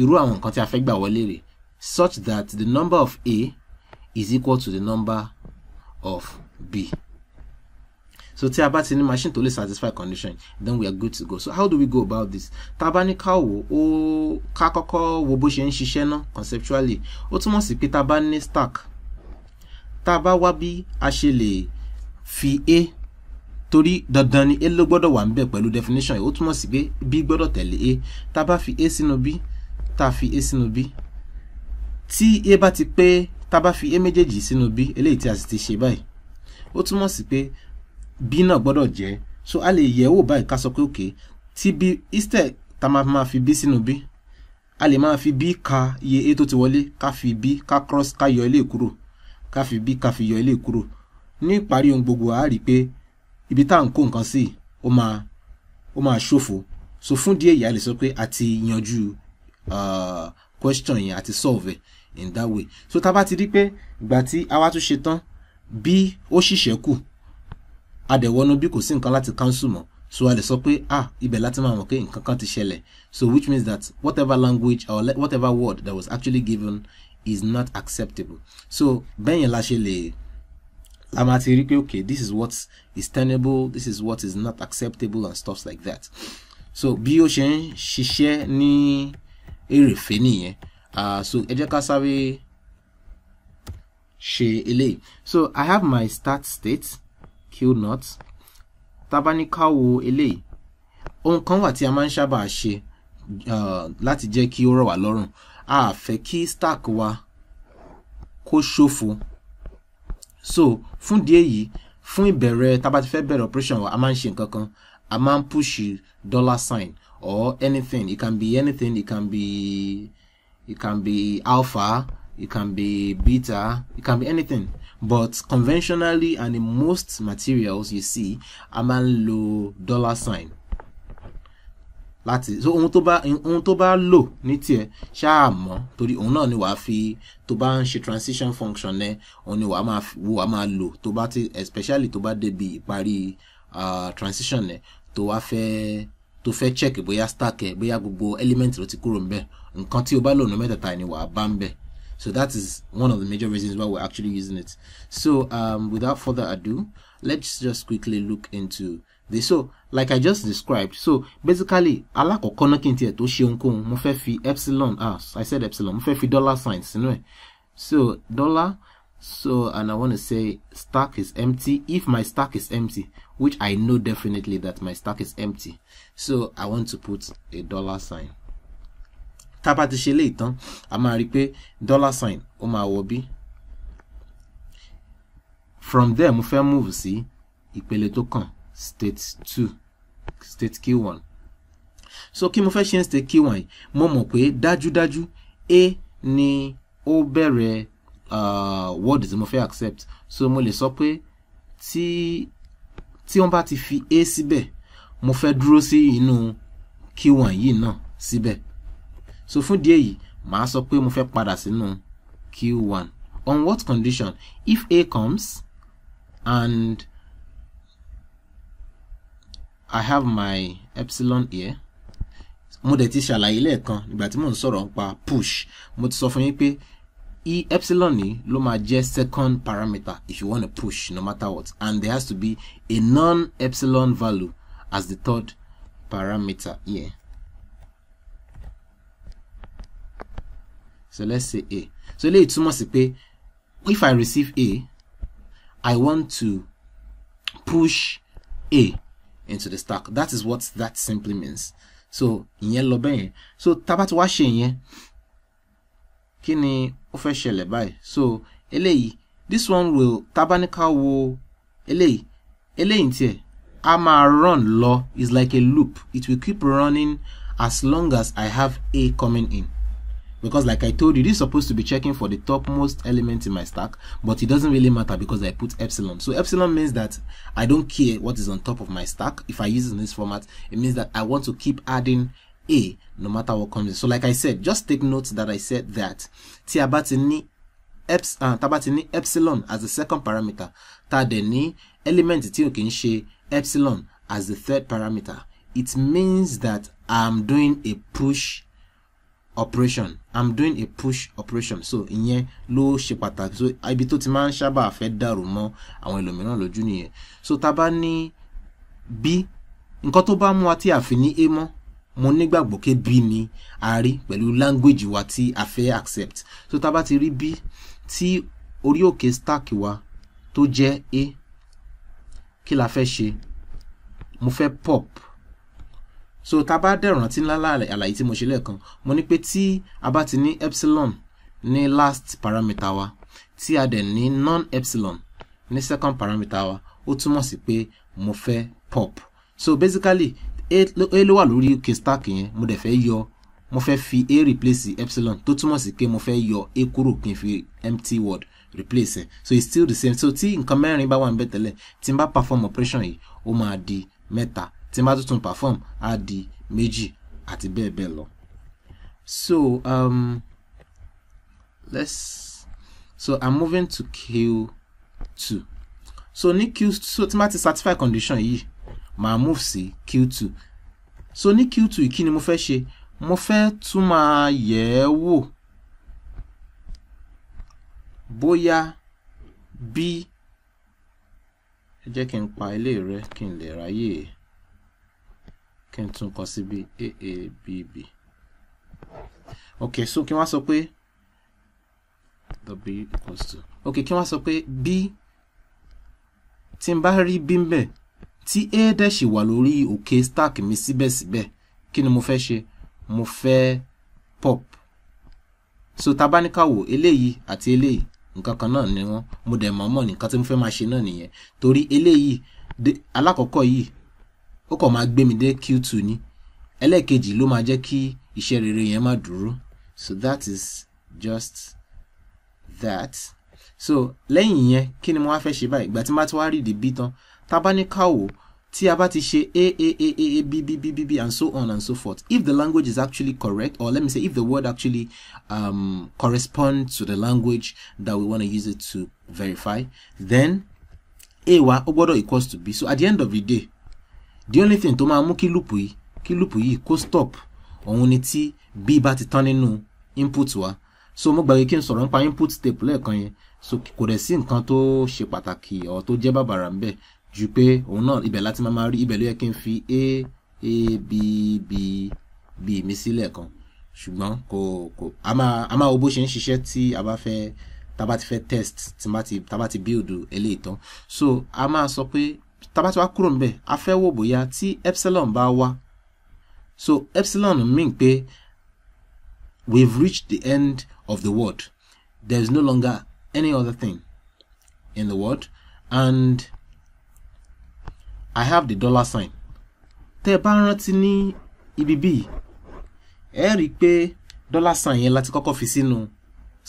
irú àwọn nǹkan tí a fẹ́ gbà wọlé rè such that the number of a is equal to the number of b so tí a bá ti ní machine tó lè satisfy condition then we are good to go so how do we go about this tá a bá ní ká wò ó ká kọ́kọ́ wo bó ṣe ń ṣiṣẹ́ ná conceptually ó túmọ̀ sí pé tá a bá ní stack tá a bá wá bí a ṣe lè fi a torí dandan ni a ló gbọ́dọ̀ wà ń bẹ̀ pẹ̀lú definition yìí ó túmọ̀ sí pé b gbọ́dọ̀ tẹ̀lé a tá a bá fi a sínú b tá a fi a sínú b tí a bá ti pé tá a bá fi a méjèèjì sínú b eléyìí tí a sì ti ṣe báyìí ó túmọ̀ sí pé b náà gbọ́dọ̀ jẹ́ so a lè yẹ̀ wò báyìí ká sọ pé òkè tí b instead tá a máa máa fi b sínú b a lè máa fi b ka iye a tó ti wọlé ká fi b ká cross ká yọ ilé kúrò ká fi b ká fi yọ ilé kúrò ní ìparí ohun gbogbo a rí i pé ibi tá à ń kó nǹkan sí ó máa ó máa ṣòfò so fún díẹ̀ yìí a lè sọ pé a ti yanjú uh, question yẹn àti solve ẹ̀ in that way so tá a bá ti rí pé ìgbà tí a wá tún ṣe tán bí ó ṣìṣẹ́ kù adẹ̀wọ́nú bí kò sí nǹkan láti cancel mọ́ so a lè sọ pé ah ibẹ̀ láti máa mọ̀ pé nǹkan kan ti ṣẹlẹ̀ so which means that whatever language or whatever word that was actually given is not acceptable so bẹ́ẹ̀ yẹn la ṣe lè la máa ti rí pé okay this is what is tenable this is what is not acceptable and stuff like that so bí ó ṣe ń ṣiṣẹ́ ní. Ni èrèfé nìyẹn ah, so ẹ jẹ́ ká sáré ṣe eléyìí so i have my start state kill not tabaníká wo eléyìí ohun kan wà tí a máa ń sábà ṣe ah, láti jẹ́ kí ó rọ̀ wá lọ́rùn a fẹ́ kí stack wa kó ṣòfò so fún díẹ̀ yìí fún ìbẹ̀rẹ̀ tá a bẹ̀rẹ̀ operation wa a máa ń ṣe nǹkan kan a máa ń push dollar sign or anything. It can be anything. It can be it can be alpha, it can be beta, it can be anything. But conventionally and in most materials you see, a máa ń dollar sign. láti so ohun tó bá ohun tó bá lò ní tiẹ̀ ṣáà mọ̀ torí òun náà ni wàá fi tó bá ń ṣe transition function ẹ òun ni wàá máa wo wàá máa lò tó bá ti especially tó bá débi ìparí uh, transition ẹ tó wàá fẹ́ tó fẹ́ check bóyá stack ẹ̀ bóyá gbogbo element ló ti kúrò ń bẹ̀ nǹkan tí o bá lò ní mẹ́tẹ̀ẹ̀ta ni wàá bá ń bẹ̀ so that is one of the major reasons why we're actually using it so um, without further ado let's just quickly look into this so like I just described so basically i náà kí n tiẹ̀ tó ṣe ohunkóhun mo fẹ́ fi epsilon ah I said epsilon mo fẹ́ fi dollar sign sínú ẹ̀ so dollar so and i want to say stack is empty if my stack is empty which i know definitely that my stack is empty so i want to put a dollar sign tá bá ti ṣe eléyìí tán a máa rí pé dollar sign ó máa wọ bí from there mo fẹ́ move sí ìpele tó kàn state two state key one so kí mo fẹ́ ṣe state key one Momo mo mọ̀ pé dájúdájú a ni ó bẹ̀rẹ̀ uh, word tí mo fẹ́ accept so mo lè sọ pé tí tí wọ́n bá ti fi a síbẹ̀ mo fẹ́ dúró sí inú keyword yìí náà síbẹ̀ so fún díẹ̀ yìí màá sọ pé mo fẹ́ padà sínú q1 on what condition if a comes and I have my epsilon here mo dẹ̀ ti ṣàlàyé lẹ́ẹ̀kan nígbà tí mò ń sọ̀rọ̀ nípa push mo ti sọ fún yín pé e epsilon e ló máa jẹ́ second parameter if you want to push no matter what and there has to be a non-epsilon value as the third parameter here so let's say a so let's say if i receive a i want to push a into the stack that is what that simply means so in yellow, so tabat washing ti kí ni ó fẹ́ ṣẹlẹ̀ báyìí so eléyìí this one will tabernacle wo eléyìí eléyìí tiẹ̀ a máa run lọ is like a loop it will keep running as long as I have a coming in because like I told you this is supposed to be checking for the topmost element in my stack but it doesn't really matter because I put epsilon so epsilon means that I don't care what is on top of my stack if I use in this format it means that I want to keep adding A no matter what comes in. So like I said, just take note that I said that tí ti ní eps epsilon as the second parameter tá a dẹ̀ element tí o kì í epsilon as the third parameter it means that I'm doing a push operation I'm doing a push operation so ìyẹn lo ṣe pàtàkì so ibi tó ti máa ń sábà fẹ́ dàrú mọ́ àwọn ẹlòmíràn lójú nìyẹn so tá a bá b nǹkan tó bá mú wa tí a a mọ́ mo nígbàgbọ́ pé b ni a rí pẹ̀lú language wa tí a fẹ́ accept so tá a bá ti rí b tí orí òkè stack wa tó jẹ́ a kí la fẹ́ ṣe mo fẹ́ pop so tá a bá dẹ̀ rántí ńláńlá àlàyé tí mo ṣe lẹ́ẹ̀kan mo ní pé tí a bá ti ní epsilon ní last parameter wa tí a dẹ̀ ní non epsilon ní second parameter wa ó túmọ̀ sí pé mo fẹ́ pop so basically a ló wà lórí k stack yẹn mo dẹ̀ fẹ́ yọ mo fẹ́ fi a replace epsilon tó túmọ̀ sí pé mo fẹ́ yọ a kúrò kí n fi empty word replace ẹ̀ so it's still the same so tí nǹkan mẹ́rin bá wà níbẹ̀ tẹ́lẹ̀ tí n bá perform operation yìí ó máa di mẹ́ta tí n bá tuntun perform á di méjì àti bẹ́ẹ̀ bẹ́ẹ̀ lọ. so um, let's so i'm moving to q two. so ní q so tí n bá ti satisfy condition yìí màá move sí q2 so ní q2 kí ni mo fẹ́ ṣe mo fẹ́ tún máa yẹ̀ ẹ́ wò bóyá bí ẹ jẹ́ kí n pa ilé rẹ kí n lè ráyè kí n tún kàn síbi aabb ok so kí wọ́n sọ pé the b equals to ok kí wọ́n sọ pé b tí n bá rí b tí a dẹ̀ ṣì wà lórí òkè stack mi síbẹ̀síbẹ̀ kí ni mo fẹ́ ṣe mo fẹ́ pop so tá bá ní ká wò eléyìí àti eléyìí nǹkan kan náà ni wọ́n mo dẹ̀ mọ̀ mọ̀ nǹkan tí mo fẹ́ máa ṣe náà nìyẹn torí eléyìí alákọ̀ọ́kọ́ yìí ó kàn máa gbé mi dé q2 ni ẹlẹ́ẹ̀kejì ló máa jẹ́ kí iṣẹ́ rere yẹn má dúró so that is just that so lẹ́yìn yẹn kí ni mo wá fẹ́ ṣe báyìí ìgbà tí mo bá ti wá rí ìdí b tán tá a bá ní ká tí a bá ti ṣe a a a a a b b b b b and so on and so forth if the language is actually correct or let me say if the word actually um, corresponds to the language that we want to use it to verify then a wa ó gbọ́dọ̀ equals to b so at the end of the day the only thing tó máa mú kí lùpù yìí kí lùpù yìí kó stop òun ni tí b bá ti tán nínú input wa so mo gbàgbé kí n sọ̀rọ̀ nípa input step lẹ́ẹ̀kan yẹn so kò dẹ̀ sí nǹkan tó ṣe pàtàkì ọ̀ tó jẹ́ bàbàrà ń bẹ̀ ju pé òun náà ibẹ̀ láti máa rí ibẹ̀ ló yẹ kí n fi a a b b b mi sílẹ̀ kan ṣùgbọ́n kò kò a máa a máa wo bó ṣe ń ṣiṣẹ́ tí a bá fẹ́ tá bá ti fẹ́ test tí bá ti tá bá ti build eléyìí tán so a máa sọ pé tá bá ti wá kúrò níbẹ̀ a fẹ́ wò bóyá tí epsilon bá wá so epsilon mean pé we've reached the end of the world there is no longer any other thing in the world and I have the dollar sign tẹ́ ẹ bá rántí ní ibi bíi ẹ rí i pé dollar sign yẹn láti kọ́kọ́ fi sínú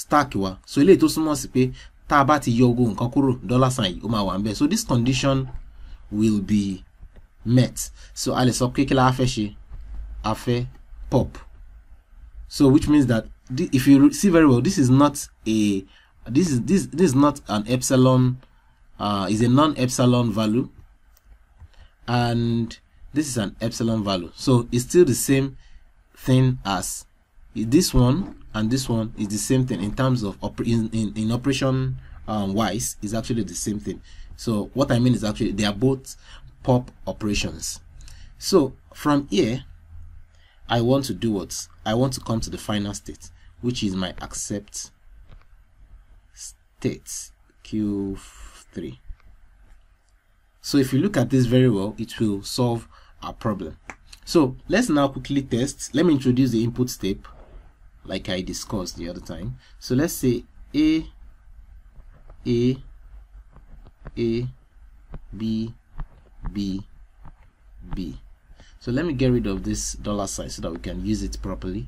stack wa so eléyìí tó súnmọ́ sí pé tá a bá ti yọ ogun nǹkan kúrò dollar sign yìí ó máa wà ń bẹ̀ so this condition will be met so a lè sọ pé kí la fẹ́ ṣe a fẹ́ pop so which means that if you see very well this is not a this is this this is not an epsilon uh is a non-epsilon value and this is an epsilon value so it's still the same thing as this one and this one is the same thing in terms of in, in, in operation um, wise is actually the same thing so what i mean is actually they are both pop operations so from here i want to do what i want to come to the final state which is my accept states Q3. So if you look at this very well, it will solve our problem. So let's now quickly test. Let me introduce the input step like I discussed the other time. So let's say A, A, A, B, B, B. So let me get rid of this dollar sign so that we can use it properly.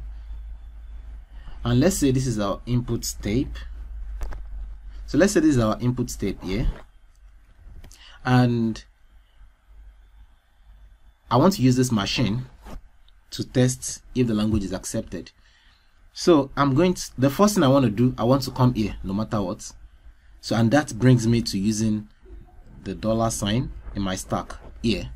And let's say this is our input tape. So let's say this is our input state here. And I want to use this machine to test if the language is accepted. So I'm going to, the first thing I want to do, I want to come here no matter what. So and that brings me to using the dollar sign in my stack here.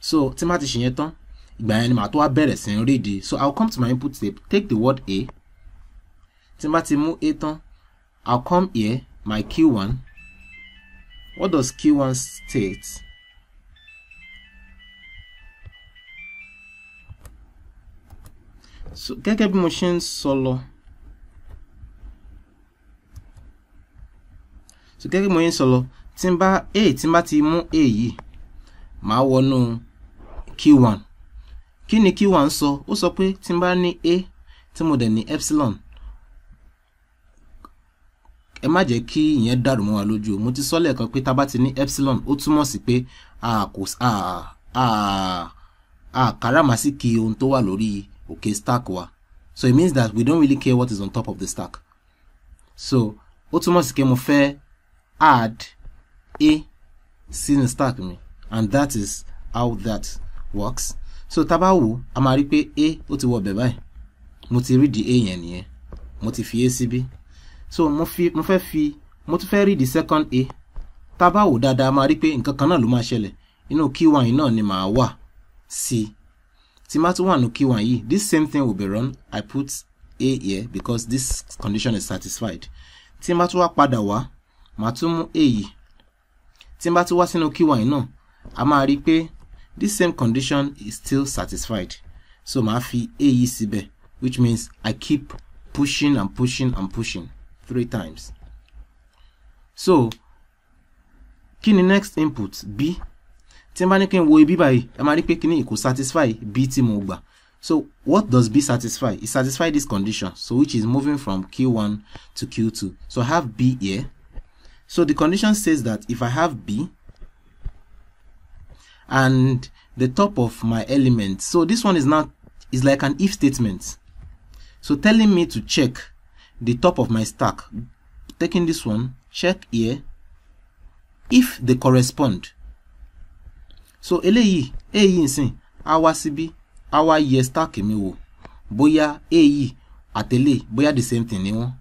So tí má ti ma So I'll come to my input step, take the word A tí n bá ti mú a tán I'll come here my q1 what does q1 state? so gẹ́gẹ́ bí mo ṣe ń sọ lọ so gẹ́gẹ́ bí mo ṣe ń sọ lọ tí n bá a tí n bá ti mú a yìí màá wọnú q1 kí ni q1 sọ ó sọ pé tí n bá ní a tí mo dẹ̀ ní epsilon ẹ má jẹ́ kí ìyẹn dàrú mọ́ wa lójú o mo ti sọ lẹ́ẹ̀kan pé tá ti ní epsilon ó túmọ̀ sí pé a kò a a a káràmásìkì ohun tó wà lórí òkè stack wa so it means that we don't really care what is on top of the stack so ó túmọ̀ sí pé mo fẹ́ add a sínú stack mi and that is how that works so tá bá wò a máa rí pé a ó ti wọ ọbẹ̀ báyìí mo ti rí di a yẹn nìyẹn mo ti fi a síbí. Si so mo fi mo fẹ́ fi mo tún fẹ́ read the second a tá a bá wò dáadáa máa rí pé nǹkan kan náà ló máa ṣẹlẹ̀ inú q1 yìí náà ni màá wà sí tí má tún wà ní q1 yìí this same thing will be run i put a here because this condition is satisfied tí má tún wá padà wá màá tún mú a yìí tí má tún wá sínú q1 yìí náà a máa rí pé this same condition is still satisfied so màá fi a yìí síbẹ̀ which means i keep pushing and pushing and pushing three times. So, kini next input b tí n bá ní kí n wo pé kíní kò satisfy b tí so what does b satisfy it satisfy this condition so which is moving from q1 to q2 so I have b here so the condition says that if I have b and the top of my element so this one is not is like an if statement so telling me to check the top of my stack taking this one check here if they correspond so eléyìí a yìí nsìn á wá síbí á wá yẹ stack mi wò bóyá a yìí àtẹlé the same thing ni wọn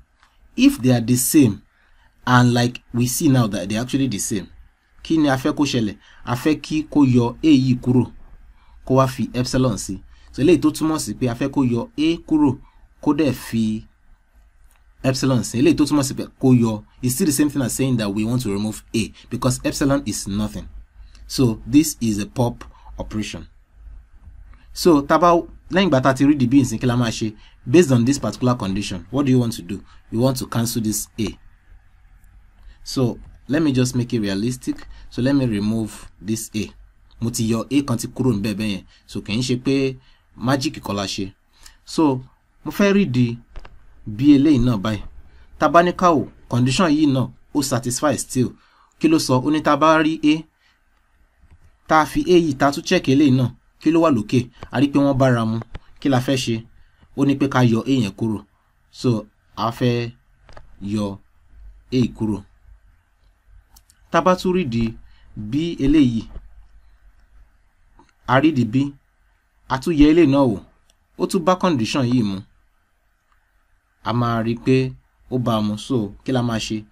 if they are the same and like we see now that they actually the same kini ni a fẹ́ kó ṣẹlẹ̀ a fẹ́ kí kó yọ a yìí kúrò kó fi epsilon sí so eléyìí tó túmọ̀ sí pé a fẹ́ kó yọ a kúrò kó dẹ̀ fi epsilon sí eléyìí tó túmọ̀ sí pé kó yọ it's still the same thing as saying that we want to remove a because epsilon is nothing so this is a pop operation so taba lẹ́yìn ìgbà tá ti rí the b nsìn kí la máa ṣe based on this particular condition what do you want to do you want to cancel this a so let me just make it realistic so let me remove this a mo ti yọ a kan ti kúrò níbẹ̀ bẹ́yẹn so kì í ṣe pé májíkì kọ́ ṣe so mo fẹ́ rí di bí eléyìí náà báyìí tabaníkàwò condition yìí náà ó satisfy still kí ló sọ ó ní tá a bá rí a tá a fi a yìí tá a tún check eléyìí náà kí ló wà lókè a pé wọ́n bára mu kí la fẹ́ ṣe ó ní pé ká yọ a yẹn kúrò so a fẹ́ yọ a kúrò tá tún rí di b eléyìí a rí b a tún yẹ eléyìí náà wò ó tún bá condition yìí mu a máa rí i pé ó bá a mú so kí la máa ṣe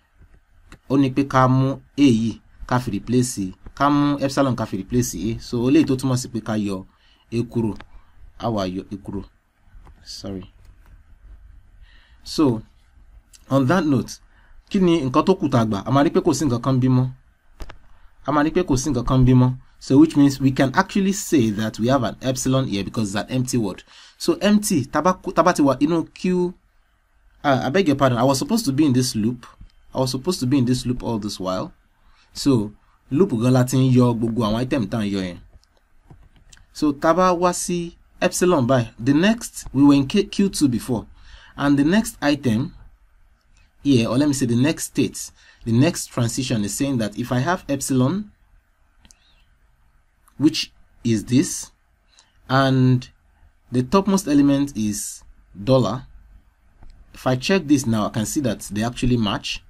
ó ní pé ká mú a yìí ká fi replace e. ká mú epsilon ká fi replace a e. so eléyìí tó túmọ̀ sí pé ká yọ a e kúrò a wá yọ a kúrò sorry so on that note kí ni nǹkan tó kù tá a gbà a máa rí pé kò sí nǹkan kan bí a máa rí pé kò sí nǹkan kan bí so which means we can actually say that we have an epsilon here because it's an empty word so empty taba taba ti wà inú q uh, I beg your pardon, I was supposed to be in this loop. I was supposed to be in this loop all this while. So, loop galatin yọ gbogbo àwọn item tá ń yọ yẹn. So, taba wasi epsilon by the next, we were in Q Q2 before. And the next item here, or let me say the next state, the next transition is saying that if I have epsilon, which is this, and the topmost element is dollar, if I check this now, I can see that they actually match.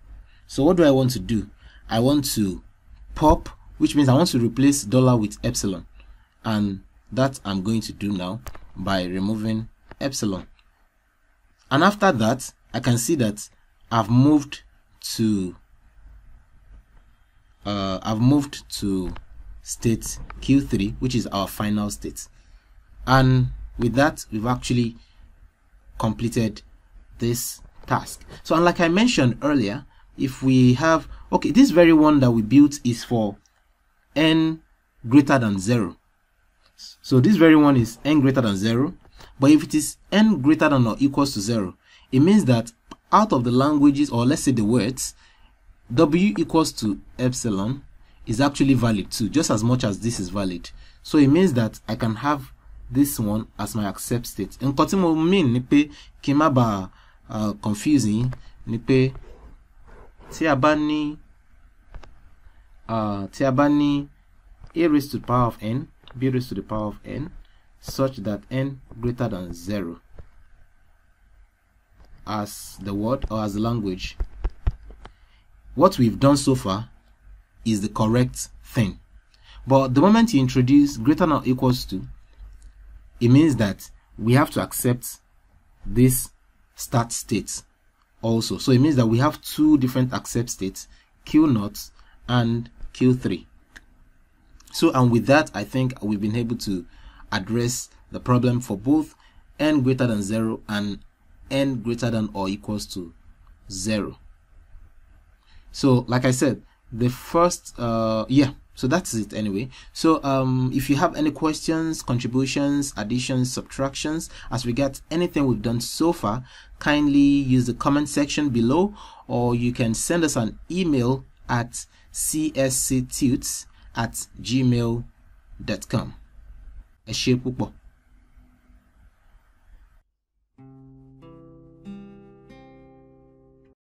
So what do I want to do? I want to pop, which means I want to replace dollar with epsilon. And that I'm going to do now by removing epsilon. And after that, I can see that I've moved to uh, I've moved to state Q3, which is our final state. And with that, we've actually completed this task. So, and like I mentioned earlier, if we have, okay, this very one that we built is for n greater than 0. So this very one is n greater than 0. But if it is n greater than or equals to 0, it means that out of the languages, or let's say the words, w equals to epsilon is actually valid too, just as much as this is valid. So it means that I can have this one as my accept state. And continue mean nipe ba? uh, confusing ni pé tí a bá ní uh, tí a bá ní a raised to the power of n b raised to the power of n such that n greater than zero as the word or as the language what we've done so far is the correct thing but the moment you introduce greater than or equals to it means that we have to accept this start states, also. So it means that we have two different accept states, Q0 and Q3. So, and with that, I think we've been able to address the problem for both n greater than 0 and n greater than or equals to 0. So, like I said, the first, uh, yeah, so that's it anyway so um, if you have any questions contributions additions subtractions as we get anything we've done so far kindly use the comment section below or you can send us an email at csctutes at gmail.com